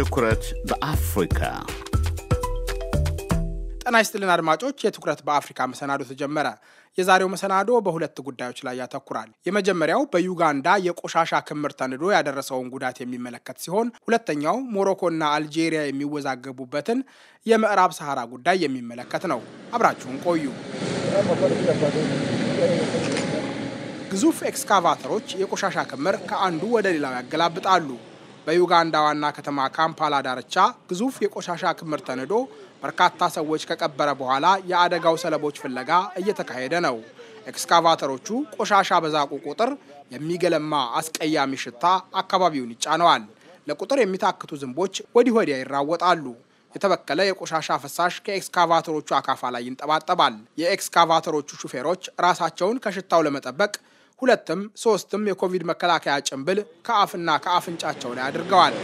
ትኩረት በአፍሪካ ጤና ይስጥልን አድማጮች፣ የትኩረት በአፍሪካ መሰናዶ ተጀመረ። የዛሬው መሰናዶ በሁለት ጉዳዮች ላይ ያተኩራል። የመጀመሪያው በዩጋንዳ የቆሻሻ ክምር ተንዶ ያደረሰውን ጉዳት የሚመለከት ሲሆን ሁለተኛው ሞሮኮና አልጄሪያ የሚወዛገቡበትን የምዕራብ ሰሐራ ጉዳይ የሚመለከት ነው። አብራችሁን ቆዩ። ግዙፍ ኤክስካቫተሮች የቆሻሻ ክምር ከአንዱ ወደ ሌላው ያገላብጣሉ። በዩጋንዳ ዋና ከተማ ካምፓላ ዳርቻ ግዙፍ የቆሻሻ ክምር ተንዶ በርካታ ሰዎች ከቀበረ በኋላ የአደጋው ሰለቦች ፍለጋ እየተካሄደ ነው። ኤክስካቫተሮቹ ቆሻሻ በዛቁ ቁጥር የሚገለማ አስቀያሚ ሽታ አካባቢውን ይጫነዋል። ለቁጥር የሚታክቱ ዝንቦች ወዲህ ወዲያ ይራወጣሉ። የተበከለ የቆሻሻ ፍሳሽ ከኤክስካቫተሮቹ አካፋ ላይ ይንጠባጠባል። የኤክስካቫተሮቹ ሹፌሮች ራሳቸውን ከሽታው ለመጠበቅ ሁለትም ሶስትም የኮቪድ መከላከያ ጭንብል ከአፍና ከአፍንጫቸው ላይ አድርገዋል።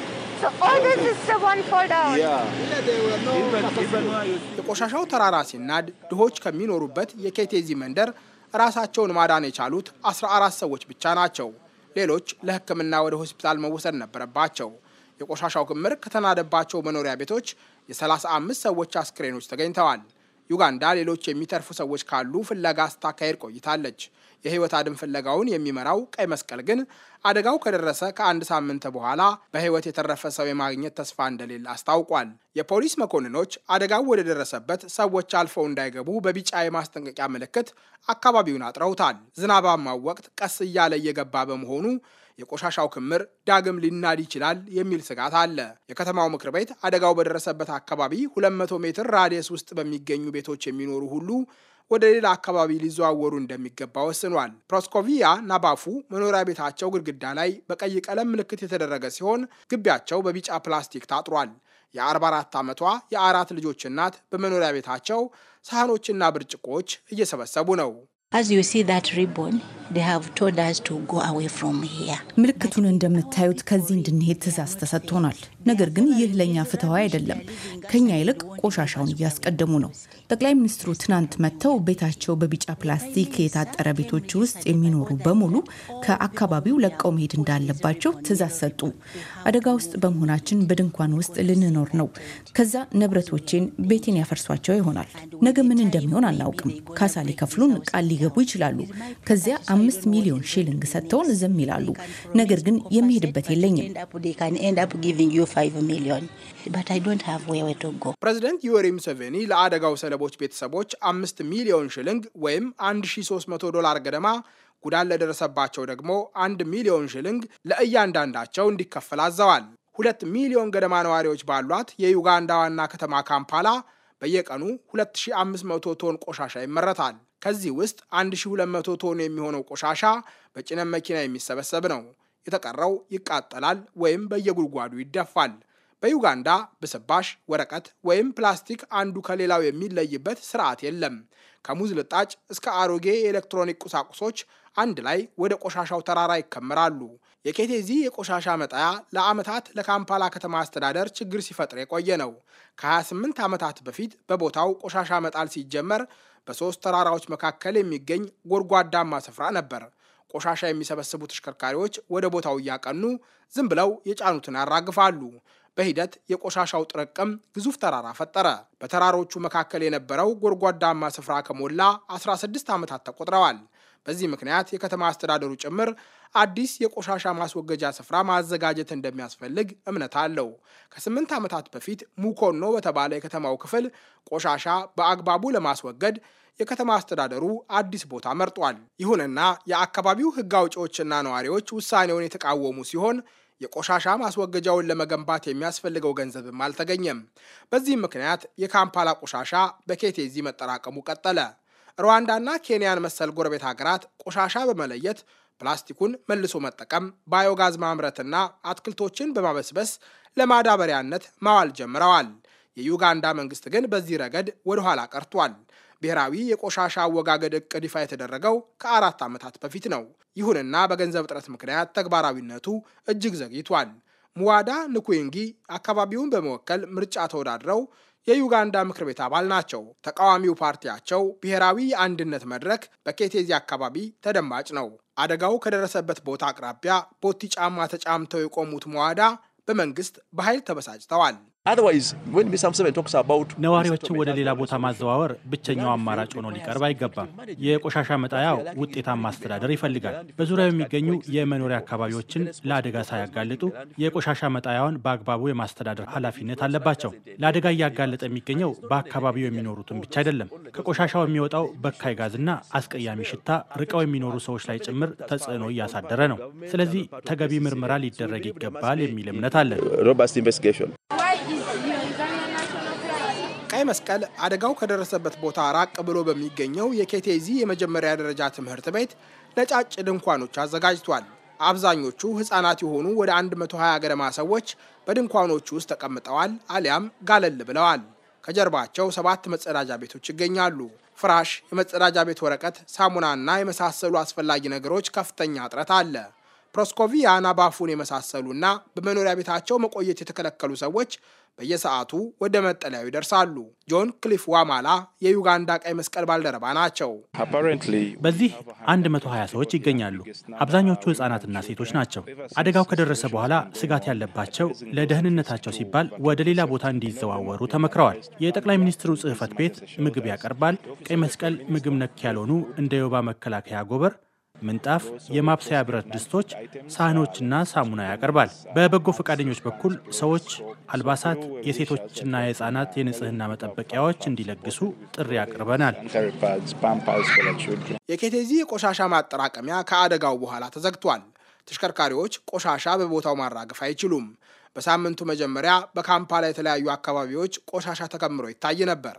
የቆሻሻው ተራራ ሲናድ ድሆች ከሚኖሩበት የኬቴዚ መንደር ራሳቸውን ማዳን የቻሉት 14 ሰዎች ብቻ ናቸው። ሌሎች ለሕክምና ወደ ሆስፒታል መወሰድ ነበረባቸው። የቆሻሻው ክምር ከተናደባቸው መኖሪያ ቤቶች የ35 ሰዎች አስክሬኖች ተገኝተዋል። ዩጋንዳ ሌሎች የሚተርፉ ሰዎች ካሉ ፍለጋ ስታካሄድ ቆይታለች። የህይወት አድን ፍለጋውን የሚመራው ቀይ መስቀል ግን አደጋው ከደረሰ ከአንድ ሳምንት በኋላ በሕይወት የተረፈ ሰው የማግኘት ተስፋ እንደሌለ አስታውቋል። የፖሊስ መኮንኖች አደጋው ወደ ደረሰበት ሰዎች አልፈው እንዳይገቡ በቢጫ የማስጠንቀቂያ ምልክት አካባቢውን አጥረውታል። ዝናባማው ወቅት ቀስ እያለ እየገባ በመሆኑ የቆሻሻው ክምር ዳግም ሊናድ ይችላል የሚል ስጋት አለ። የከተማው ምክር ቤት አደጋው በደረሰበት አካባቢ 200 ሜትር ራዲየስ ውስጥ በሚገኙ ቤቶች የሚኖሩ ሁሉ ወደ ሌላ አካባቢ ሊዘዋወሩ እንደሚገባ ወስኗል። ፕሮስኮቪያ ናባፉ መኖሪያ ቤታቸው ግድግዳ ላይ በቀይ ቀለም ምልክት የተደረገ ሲሆን ግቢያቸው በቢጫ ፕላስቲክ ታጥሯል። የ44 ዓመቷ የአራት ልጆች እናት በመኖሪያ ቤታቸው ሳህኖችና ብርጭቆዎች እየሰበሰቡ ነው። As you see that ribbon, they have told us to go away from here. ምልክቱን እንደምታዩት ከዚህ እንድንሄድ ትእዛዝ ተሰጥቶናል። ነገር ግን ይህ ለእኛ ፍትሐዊ አይደለም። ከኛ ይልቅ ቆሻሻውን እያስቀደሙ ነው። ጠቅላይ ሚኒስትሩ ትናንት መጥተው ቤታቸው በቢጫ ፕላስቲክ የታጠረ ቤቶች ውስጥ የሚኖሩ በሙሉ ከአካባቢው ለቀው መሄድ እንዳለባቸው ትእዛዝ ሰጡ። አደጋ ውስጥ በመሆናችን በድንኳን ውስጥ ልንኖር ነው። ከዛ ንብረቶቼን፣ ቤቴን ያፈርሷቸው ይሆናል። ነገ ምን እንደሚሆን አናውቅም። ካሳ ሊከፍሉን ቃል ሊገቡ ይችላሉ። ከዚያ አምስት ሚሊዮን ሺሊንግ ሰጥተውን ዝም ይላሉ። ነገር ግን የሚሄድበት የለኝም። ፕሬዚደንት ዩዌሪ ሙሴቬኒ ለአደጋው ሰለቦች ቤተሰቦች አምስት ሚሊዮን ሺሊንግ ወይም 1300 ዶላር ገደማ ጉዳት ለደረሰባቸው ደግሞ አንድ ሚሊዮን ሽልንግ ለእያንዳንዳቸው እንዲከፈል አዘዋል። ሁለት ሚሊዮን ገደማ ነዋሪዎች ባሏት የዩጋንዳ ዋና ከተማ ካምፓላ በየቀኑ 2500 ቶን ቆሻሻ ይመረታል። ከዚህ ውስጥ 1200 ቶን የሚሆነው ቆሻሻ በጭነት መኪና የሚሰበሰብ ነው። የተቀረው ይቃጠላል ወይም በየጉድጓዱ ይደፋል። በዩጋንዳ ብስባሽ፣ ወረቀት ወይም ፕላስቲክ አንዱ ከሌላው የሚለይበት ስርዓት የለም። ከሙዝ ልጣጭ እስከ አሮጌ የኤሌክትሮኒክ ቁሳቁሶች አንድ ላይ ወደ ቆሻሻው ተራራ ይከመራሉ። የኬቴዚ የቆሻሻ መጣያ ለዓመታት ለካምፓላ ከተማ አስተዳደር ችግር ሲፈጥር የቆየ ነው። ከ28 ዓመታት በፊት በቦታው ቆሻሻ መጣል ሲጀመር በሶስት ተራራዎች መካከል የሚገኝ ጎድጓዳማ ስፍራ ነበር። ቆሻሻ የሚሰበስቡ ተሽከርካሪዎች ወደ ቦታው እያቀኑ ዝም ብለው የጫኑትን ያራግፋሉ። በሂደት የቆሻሻው ጥርቅም ግዙፍ ተራራ ፈጠረ። በተራሮቹ መካከል የነበረው ጎድጓዳማ ስፍራ ከሞላ 16 ዓመታት ተቆጥረዋል። በዚህ ምክንያት የከተማ አስተዳደሩ ጭምር አዲስ የቆሻሻ ማስወገጃ ስፍራ ማዘጋጀት እንደሚያስፈልግ እምነት አለው። ከስምንት ዓመታት በፊት ሙኮኖ በተባለ የከተማው ክፍል ቆሻሻ በአግባቡ ለማስወገድ የከተማ አስተዳደሩ አዲስ ቦታ መርጧል። ይሁንና የአካባቢው ሕግ አውጪዎችና ነዋሪዎች ውሳኔውን የተቃወሙ ሲሆን የቆሻሻ ማስወገጃውን ለመገንባት የሚያስፈልገው ገንዘብም አልተገኘም። በዚህም ምክንያት የካምፓላ ቆሻሻ በኬቴዚ መጠራቀሙ ቀጠለ። ሩዋንዳና ኬንያን መሰል ጎረቤት ሀገራት ቆሻሻ በመለየት ፕላስቲኩን መልሶ መጠቀም፣ ባዮጋዝ ማምረትና አትክልቶችን በማበስበስ ለማዳበሪያነት ማዋል ጀምረዋል። የዩጋንዳ መንግስት ግን በዚህ ረገድ ወደኋላ ቀርቷል። ብሔራዊ የቆሻሻ አወጋገድ እቅድ ይፋ የተደረገው ከአራት ዓመታት በፊት ነው። ይሁንና በገንዘብ እጥረት ምክንያት ተግባራዊነቱ እጅግ ዘግይቷል። ሙዋዳ ንኩንጊ አካባቢውን በመወከል ምርጫ ተወዳድረው የዩጋንዳ ምክር ቤት አባል ናቸው። ተቃዋሚው ፓርቲያቸው ብሔራዊ የአንድነት መድረክ በኬቴዚ አካባቢ ተደማጭ ነው። አደጋው ከደረሰበት ቦታ አቅራቢያ ቦቲ ጫማ ተጫምተው የቆሙት መዋዳ በመንግስት በኃይል ተበሳጭተዋል። ነዋሪዎችን ወደ ሌላ ቦታ ማዘዋወር ብቸኛው አማራጭ ሆኖ ሊቀርብ አይገባም። የቆሻሻ መጣያው ውጤታማ ማስተዳደር ይፈልጋል። በዙሪያው የሚገኙ የመኖሪያ አካባቢዎችን ለአደጋ ሳያጋልጡ የቆሻሻ መጣያውን በአግባቡ የማስተዳደር ኃላፊነት አለባቸው። ለአደጋ እያጋለጠ የሚገኘው በአካባቢው የሚኖሩትን ብቻ አይደለም። ከቆሻሻው የሚወጣው በካይ ጋዝና አስቀያሚ ሽታ ርቀው የሚኖሩ ሰዎች ላይ ጭምር ተጽዕኖ እያሳደረ ነው። ስለዚህ ተገቢ ምርመራ ሊደረግ ይገባል የሚል እምነት አለን። ቀይ መስቀል አደጋው ከደረሰበት ቦታ ራቅ ብሎ በሚገኘው የኬቴዚ የመጀመሪያ ደረጃ ትምህርት ቤት ነጫጭ ድንኳኖች አዘጋጅቷል። አብዛኞቹ ሕፃናት የሆኑ ወደ 120 ገደማ ሰዎች በድንኳኖቹ ውስጥ ተቀምጠዋል አሊያም ጋለል ብለዋል። ከጀርባቸው ሰባት መጸዳጃ ቤቶች ይገኛሉ። ፍራሽ፣ የመጸዳጃ ቤት ወረቀት፣ ሳሙናና የመሳሰሉ አስፈላጊ ነገሮች ከፍተኛ እጥረት አለ። ፕሮስኮቪያና ባፉን እና በመኖሪያ ቤታቸው መቆየት የተከለከሉ ሰዎች በየሰዓቱ ወደ መጠለያው ይደርሳሉ። ጆን ክሊፍ ዋማላ የዩጋንዳ ቀይ መስቀል ባልደረባ ናቸው። በዚህ 120 ሰዎች ይገኛሉ። አብዛኞቹ ሕጻናትና ሴቶች ናቸው። አደጋው ከደረሰ በኋላ ስጋት ያለባቸው ለደህንነታቸው ሲባል ወደ ሌላ ቦታ እንዲዘዋወሩ ተመክረዋል። የጠቅላይ ሚኒስትሩ ጽሕፈት ቤት ምግብ ያቀርባል። ቀይ መስቀል ምግብ ነክ ያልሆኑ እንደ የወባ መከላከያ ጎበር ምንጣፍ፣ የማብሰያ ብረት ድስቶች፣ ሳህኖችና ሳሙና ያቀርባል። በበጎ ፈቃደኞች በኩል ሰዎች አልባሳት፣ የሴቶችና የህፃናት የንጽህና መጠበቂያዎች እንዲለግሱ ጥሪ አቅርበናል። የኬቴዚ የቆሻሻ ማጠራቀሚያ ከአደጋው በኋላ ተዘግቷል። ተሽከርካሪዎች ቆሻሻ በቦታው ማራገፍ አይችሉም። በሳምንቱ መጀመሪያ በካምፓላ የተለያዩ አካባቢዎች ቆሻሻ ተከምሮ ይታይ ነበር።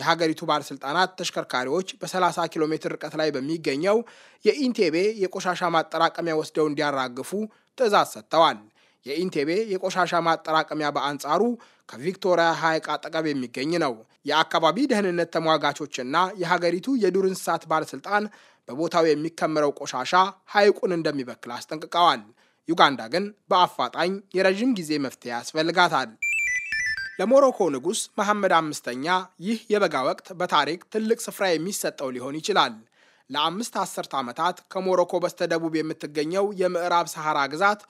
የሀገሪቱ ባለስልጣናት ተሽከርካሪዎች በ30 ኪሎ ሜትር ርቀት ላይ በሚገኘው የኢንቴቤ የቆሻሻ ማጠራቀሚያ ወስደው እንዲያራግፉ ትዕዛዝ ሰጥተዋል። የኢንቴቤ የቆሻሻ ማጠራቀሚያ በአንጻሩ ከቪክቶሪያ ሐይቅ አጠገብ የሚገኝ ነው። የአካባቢ ደህንነት ተሟጋቾችና የሀገሪቱ የዱር እንስሳት ባለስልጣን በቦታው የሚከመረው ቆሻሻ ሐይቁን እንደሚበክል አስጠንቅቀዋል። ዩጋንዳ ግን በአፋጣኝ የረዥም ጊዜ መፍትሄ ያስፈልጋታል። ለሞሮኮ ንጉሥ መሐመድ አምስተኛ ይህ የበጋ ወቅት በታሪክ ትልቅ ስፍራ የሚሰጠው ሊሆን ይችላል። ለአምስት አስርት ዓመታት ከሞሮኮ በስተደቡብ የምትገኘው የምዕራብ ሰሐራ ግዛት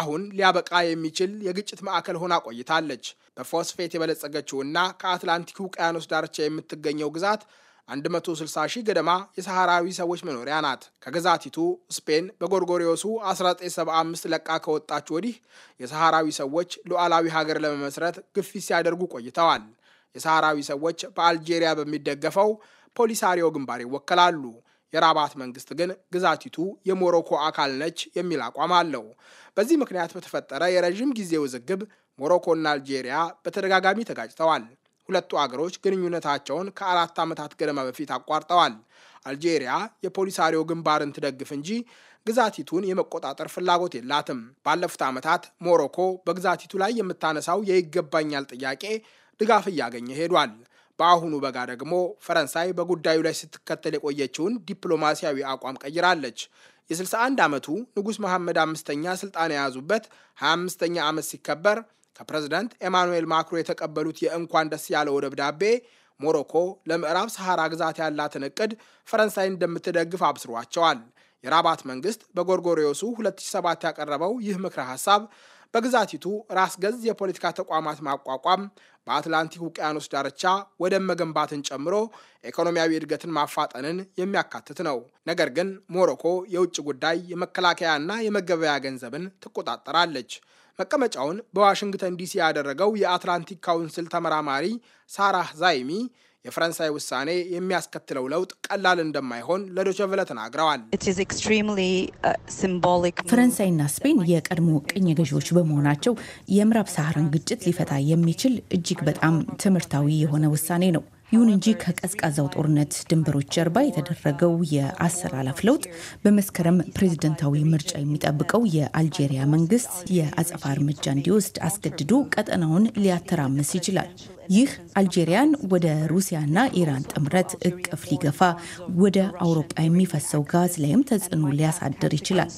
አሁን ሊያበቃ የሚችል የግጭት ማዕከል ሆና ቆይታለች። በፎስፌት የበለጸገችውና ከአትላንቲክ ውቅያኖስ ዳርቻ የምትገኘው ግዛት 160 ሺህ ገደማ የሰሃራዊ ሰዎች መኖሪያ ናት። ከግዛቲቱ ስፔን በጎርጎሪዮሱ 1975 ለቃ ከወጣች ወዲህ የሰሃራዊ ሰዎች ሉዓላዊ ሀገር ለመመስረት ግፊት ሲያደርጉ ቆይተዋል። የሰሃራዊ ሰዎች በአልጄሪያ በሚደገፈው ፖሊሳሪዮ ግንባር ይወከላሉ። የራባት መንግስት ግን ግዛቲቱ የሞሮኮ አካል ነች የሚል አቋም አለው። በዚህ ምክንያት በተፈጠረ የረዥም ጊዜ ውዝግብ ሞሮኮና አልጄሪያ በተደጋጋሚ ተጋጭተዋል። ሁለቱ አገሮች ግንኙነታቸውን ከአራት ዓመታት ገደማ በፊት አቋርጠዋል። አልጄሪያ የፖሊሳሪዮ ግንባርን ትደግፍ እንጂ ግዛቲቱን የመቆጣጠር ፍላጎት የላትም። ባለፉት ዓመታት ሞሮኮ በግዛቲቱ ላይ የምታነሳው የይገባኛል ጥያቄ ድጋፍ እያገኘ ሄዷል። በአሁኑ በጋ ደግሞ ፈረንሳይ በጉዳዩ ላይ ስትከተል የቆየችውን ዲፕሎማሲያዊ አቋም ቀይራለች። የ61 ዓመቱ ንጉሥ መሐመድ አምስተኛ ስልጣን የያዙበት 25ኛ ዓመት ሲከበር ከፕሬዝዳንት ኤማኑኤል ማክሮ የተቀበሉት የእንኳን ደስ ያለው ደብዳቤ ሞሮኮ ለምዕራብ ሰሐራ ግዛት ያላትን እቅድ ፈረንሳይ እንደምትደግፍ አብስሯቸዋል። የራባት መንግስት በጎርጎሪዮሱ 2007 ያቀረበው ይህ ምክረ ሐሳብ በግዛቲቱ ራስ ገዝ የፖለቲካ ተቋማት ማቋቋም፣ በአትላንቲክ ውቅያኖስ ዳርቻ ወደብ መገንባትን ጨምሮ ኢኮኖሚያዊ እድገትን ማፋጠንን የሚያካትት ነው። ነገር ግን ሞሮኮ የውጭ ጉዳይ፣ የመከላከያና የመገበያ ገንዘብን ትቆጣጠራለች። መቀመጫውን በዋሽንግተን ዲሲ ያደረገው የአትላንቲክ ካውንስል ተመራማሪ ሳራህ ዛይሚ የፈረንሳይ ውሳኔ የሚያስከትለው ለውጥ ቀላል እንደማይሆን ለዶቸቨለ ተናግረዋል። uh, ፈረንሳይና ስፔን የቀድሞ ቅኝ ገዢዎች በመሆናቸው የምዕራብ ሳህራን ግጭት ሊፈታ የሚችል እጅግ በጣም ትምህርታዊ የሆነ ውሳኔ ነው። ይሁን እንጂ ከቀዝቃዛው ጦርነት ድንበሮች ጀርባ የተደረገው የአሰላለፍ ለውጥ በመስከረም ፕሬዝደንታዊ ምርጫ የሚጠብቀው የአልጄሪያ መንግስት የአጸፋ እርምጃ እንዲወስድ አስገድዶ ቀጠናውን ሊያተራምስ ይችላል። ይህ አልጄሪያን ወደ ሩሲያና ኢራን ጥምረት እቅፍ ሊገፋ ወደ አውሮፓ የሚፈሰው ጋዝ ላይም ተጽዕኖ ሊያሳድር ይችላል።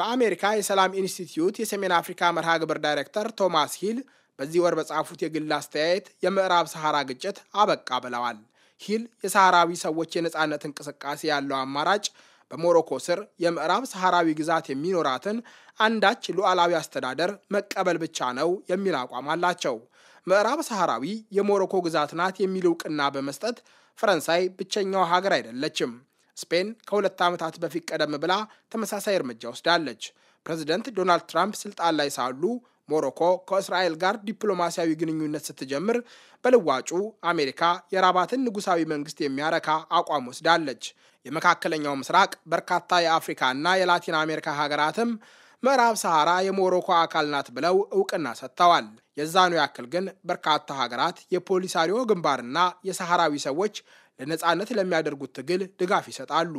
በአሜሪካ የሰላም ኢንስቲትዩት የሰሜን አፍሪካ መርሃ ግብር ዳይሬክተር ቶማስ ሂል በዚህ ወር በጻፉት የግል አስተያየት የምዕራብ ሰሐራ ግጭት አበቃ ብለዋል። ሂል የሰሐራዊ ሰዎች የነፃነት እንቅስቃሴ ያለው አማራጭ በሞሮኮ ስር የምዕራብ ሰሐራዊ ግዛት የሚኖራትን አንዳች ሉዓላዊ አስተዳደር መቀበል ብቻ ነው የሚል አቋም አላቸው። ምዕራብ ሰሐራዊ የሞሮኮ ግዛት ናት የሚል እውቅና በመስጠት ፈረንሳይ ብቸኛው ሀገር አይደለችም። ስፔን ከሁለት ዓመታት በፊት ቀደም ብላ ተመሳሳይ እርምጃ ወስዳለች። ፕሬዚደንት ዶናልድ ትራምፕ ስልጣን ላይ ሳሉ ሞሮኮ ከእስራኤል ጋር ዲፕሎማሲያዊ ግንኙነት ስትጀምር በልዋጩ አሜሪካ የራባትን ንጉሳዊ መንግስት የሚያረካ አቋም ወስዳለች። የመካከለኛው ምስራቅ በርካታ የአፍሪካ እና የላቲን አሜሪካ ሀገራትም ምዕራብ ሰሐራ የሞሮኮ አካል ናት ብለው እውቅና ሰጥተዋል። የዛኑ ያክል ግን በርካታ ሀገራት የፖሊሳሪዮ ግንባርና የሰሃራዊ ሰዎች ለነፃነት ለሚያደርጉት ትግል ድጋፍ ይሰጣሉ።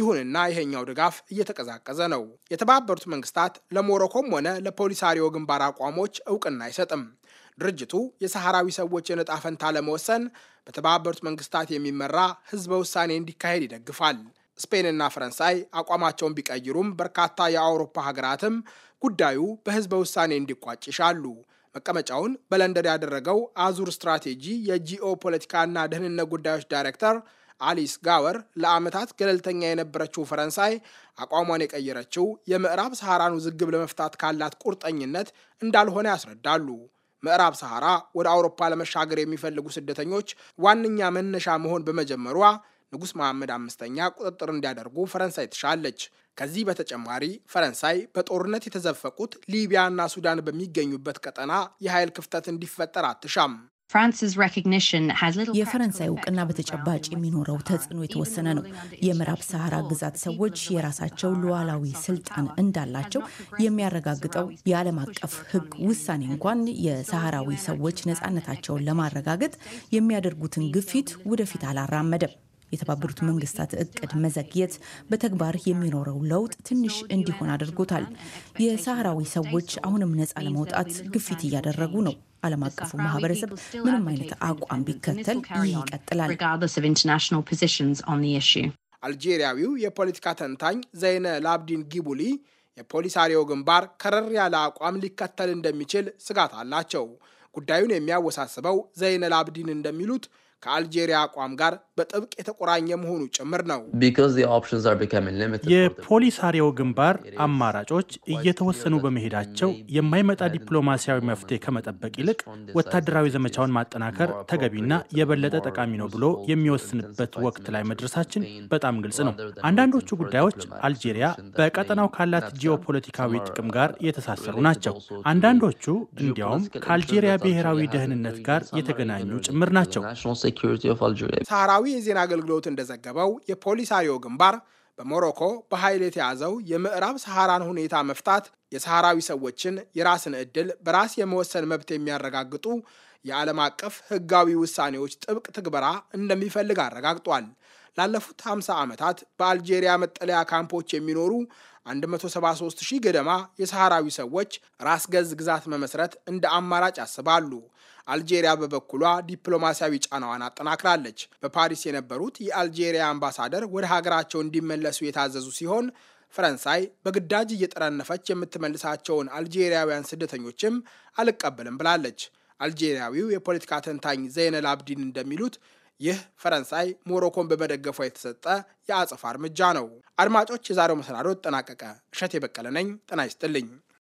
ይሁንና ይሄኛው ድጋፍ እየተቀዛቀዘ ነው። የተባበሩት መንግስታት ለሞሮኮም ሆነ ለፖሊሳሪዮ ግንባር አቋሞች እውቅና አይሰጥም። ድርጅቱ የሰሃራዊ ሰዎች የነጣ ፈንታ ለመወሰን በተባበሩት መንግስታት የሚመራ ህዝበ ውሳኔ እንዲካሄድ ይደግፋል። ስፔንና ፈረንሳይ አቋማቸውን ቢቀይሩም በርካታ የአውሮፓ ሀገራትም ጉዳዩ በህዝበ ውሳኔ እንዲቋጭ ይሻሉ። መቀመጫውን በለንደን ያደረገው አዙር ስትራቴጂ የጂኦ ፖለቲካና ደህንነት ጉዳዮች ዳይሬክተር አሊስ ጋወር ለዓመታት ገለልተኛ የነበረችው ፈረንሳይ አቋሟን የቀየረችው የምዕራብ ሰሐራን ውዝግብ ለመፍታት ካላት ቁርጠኝነት እንዳልሆነ ያስረዳሉ። ምዕራብ ሰሐራ ወደ አውሮፓ ለመሻገር የሚፈልጉ ስደተኞች ዋነኛ መነሻ መሆን በመጀመሯ ንጉሥ መሐመድ አምስተኛ ቁጥጥር እንዲያደርጉ ፈረንሳይ ትሻለች። ከዚህ በተጨማሪ ፈረንሳይ በጦርነት የተዘፈቁት ሊቢያና ሱዳን በሚገኙበት ቀጠና የኃይል ክፍተት እንዲፈጠር አትሻም። የፈረንሳይ እውቅና በተጨባጭ የሚኖረው ተጽዕኖ የተወሰነ ነው። የምዕራብ ሰሃራ ግዛት ሰዎች የራሳቸው ሉዓላዊ ስልጣን እንዳላቸው የሚያረጋግጠው የዓለም አቀፍ ሕግ ውሳኔ እንኳን የሰሃራዊ ሰዎች ነፃነታቸውን ለማረጋገጥ የሚያደርጉትን ግፊት ወደፊት አላራመደም። የተባበሩት መንግስታት እቅድ መዘግየት በተግባር የሚኖረው ለውጥ ትንሽ እንዲሆን አድርጎታል። የሳህራዊ ሰዎች አሁንም ነፃ ለመውጣት ግፊት እያደረጉ ነው። ዓለም አቀፉ ማህበረሰብ ምንም አይነት አቋም ቢከተል ይህ ይቀጥላል። አልጄሪያዊው የፖለቲካ ተንታኝ ዘይነ ላብዲን ጊቡሊ የፖሊሳሪዮ ግንባር ከረር ያለ አቋም ሊከተል እንደሚችል ስጋት አላቸው። ጉዳዩን የሚያወሳስበው ዘይነ ላብዲን እንደሚሉት ከአልጄሪያ አቋም ጋር በጥብቅ የተቆራኘ መሆኑ ጭምር ነው። የፖሊሳሪዮ ግንባር አማራጮች እየተወሰኑ በመሄዳቸው የማይመጣ ዲፕሎማሲያዊ መፍትሄ ከመጠበቅ ይልቅ ወታደራዊ ዘመቻውን ማጠናከር ተገቢና የበለጠ ጠቃሚ ነው ብሎ የሚወስንበት ወቅት ላይ መድረሳችን በጣም ግልጽ ነው። አንዳንዶቹ ጉዳዮች አልጄሪያ በቀጠናው ካላት ጂኦፖለቲካዊ ጥቅም ጋር የተሳሰሩ ናቸው። አንዳንዶቹ እንዲያውም ከአልጄሪያ ብሔራዊ ደህንነት ጋር የተገናኙ ጭምር ናቸው። security of Algeria. ሳህራዊ የዜና አገልግሎት እንደዘገበው የፖሊሳሪዮ ግንባር በሞሮኮ በኃይል የተያዘው የምዕራብ ሰሐራን ሁኔታ መፍታት የሰሃራዊ ሰዎችን የራስን ዕድል በራስ የመወሰን መብት የሚያረጋግጡ የዓለም አቀፍ ሕጋዊ ውሳኔዎች ጥብቅ ትግበራ እንደሚፈልግ አረጋግጧል። ላለፉት 50 ዓመታት በአልጄሪያ መጠለያ ካምፖች የሚኖሩ 173 ሺህ ገደማ የሰሃራዊ ሰዎች ራስ ገዝ ግዛት መመስረት እንደ አማራጭ ያስባሉ። አልጄሪያ በበኩሏ ዲፕሎማሲያዊ ጫናዋን አጠናክራለች። በፓሪስ የነበሩት የአልጄሪያ አምባሳደር ወደ ሀገራቸው እንዲመለሱ የታዘዙ ሲሆን ፈረንሳይ በግዳጅ እየጠረነፈች የምትመልሳቸውን አልጄሪያውያን ስደተኞችም አልቀበልም ብላለች። አልጄሪያዊው የፖለቲካ ተንታኝ ዘይነል አብዲን እንደሚሉት ይህ ፈረንሳይ ሞሮኮን በመደገፏ የተሰጠ የአጸፋ እርምጃ ነው። አድማጮች፣ የዛሬው መሰናዶ ተጠናቀቀ። እሸት የበቀለነኝ ነኝ። ጤና ይስጥልኝ።